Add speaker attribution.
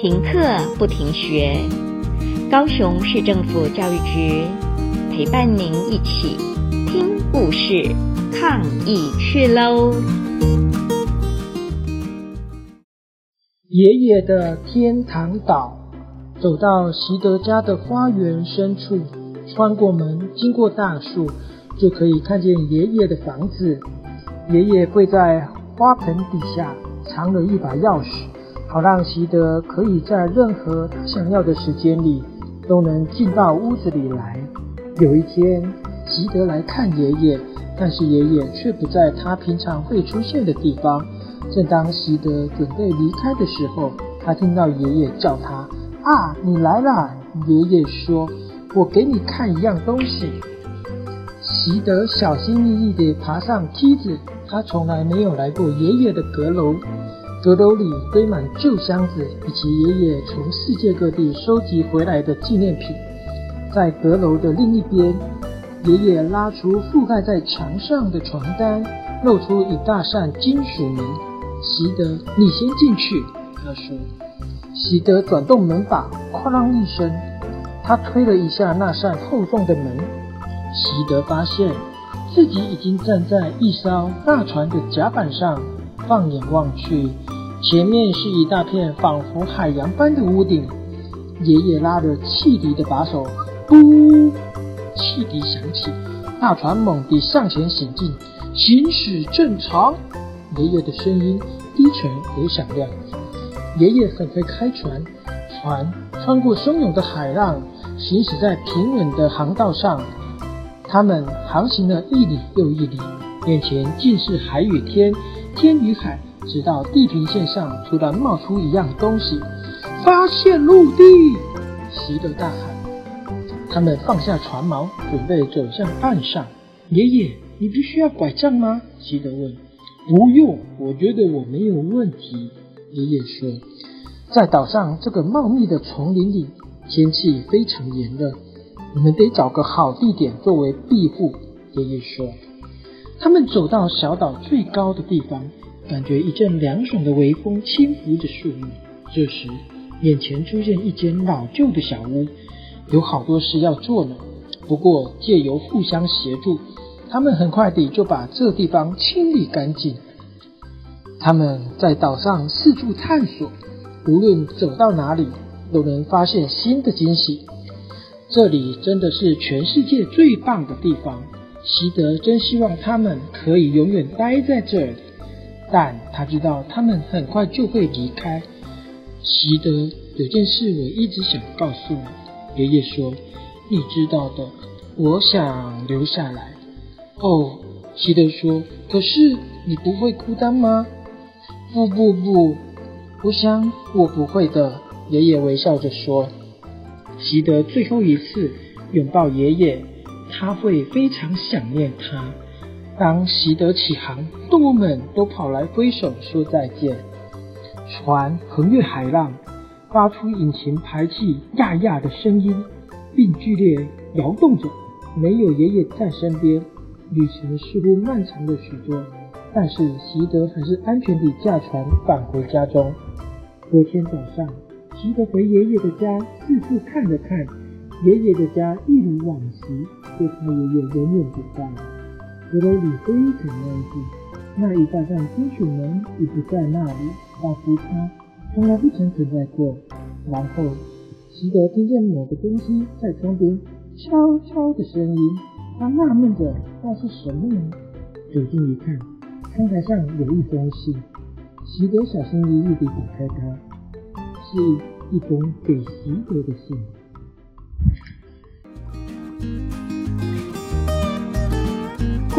Speaker 1: 停課不停學，高雄市政府教育局陪伴您一起聽故事、抗疫去嘍。爺爺的天堂島，走到席德家的花園深處，穿過門，經過大樹，就可以看見爺爺的房子。爺爺跪在花盆底下，藏了一把鑰匙。好讓席德可以在任何他想要的時間裡都能進到屋子裡來。有一天，席德來看爺爺，但是爺爺却不在他平常會出現的地方。正當席德準備離開的時候，他聽到爺爺叫他：“啊，你來啦！”爺爺說：“我給你看一樣東西。”席德小心翼翼地爬上梯子，他從來沒有來過爺爺的閣樓。閣樓裡堆滿舊箱子以及爺爺從世界各地收集回來的紀念品。在閣樓的另一邊，爺爺拉出覆蓋在牆上的床單，露出一大扇金屬門。席德，你先進去，他說。席德轉動門把，哐啷一聲，他推了一下那扇厚重的門。席德發現自己已經站在一艘大船的甲板上，放眼望去。前面是一大片仿佛海洋般的屋頂。爺爺拉着汽笛的把手，嘟，汽笛響起，大船猛地向前行進。行駛正常。爺爺的聲音低沉而響亮。爺爺很快開船，船穿過洶湧的海浪，行駛在平穩的航道上。他們航行了一里又一里，眼前盡是海與天，天與海。直到地平線上突然冒出一樣東西，發現陸地！席德大喊：“他們放下船錨，準備走向岸上。”爺爺，你不需要拐杖嗎？席德問。“不用，我覺得我沒有問題。”爺爺說。在島上這個茂密的叢林裡，天氣非常炎熱，我們得找個好地點作為庇護。”爺爺說。他們走到小島最高的地方。感覺一陣涼爽的微風輕拂着樹木。這時，眼前出現一間老舊的小屋，有好多事要做呢。不過，借由互相協助，他們很快地就把這地方清理乾淨。他們在島上四處探索，無論走到哪裡，都能發現新的驚喜。這裡真的是全世界最棒的地方。席德真希望他們可以永遠待在這兒。但他知道他們很快就會離開。席德，有件事我一直想告訴你。爺爺說：“你知道的，我想留下來。”哦，席德說：“可是你不會孤單嗎？”不不不，我想我不會的。爺爺微笑着說：“席德，最後一次擁抱爺爺，他會非常想念他。”當席德起航，動物們都跑來揮手說再見。船橫越海浪，發出引擎排氣壓壓的聲音，並劇烈搖動着。沒有爺爺在身邊，旅程似乎漫長了許多。但是席德還是安全地駕船返回家中。隔天早上，席德回爺爺的家，四處看了看。爺爺的家一如往昔，就從爺爺永遠不在。閣樓裡非常安靜，那一大扇金屬門已不在那裡，仿佛它從來不曾存在過。然後，席德聽見某個東西在窗邊悄悄的聲音，他納悶着那是什麼呢。走近一看，窗台上有一封信，席德小心翼翼地打開它，是一封給席德的信。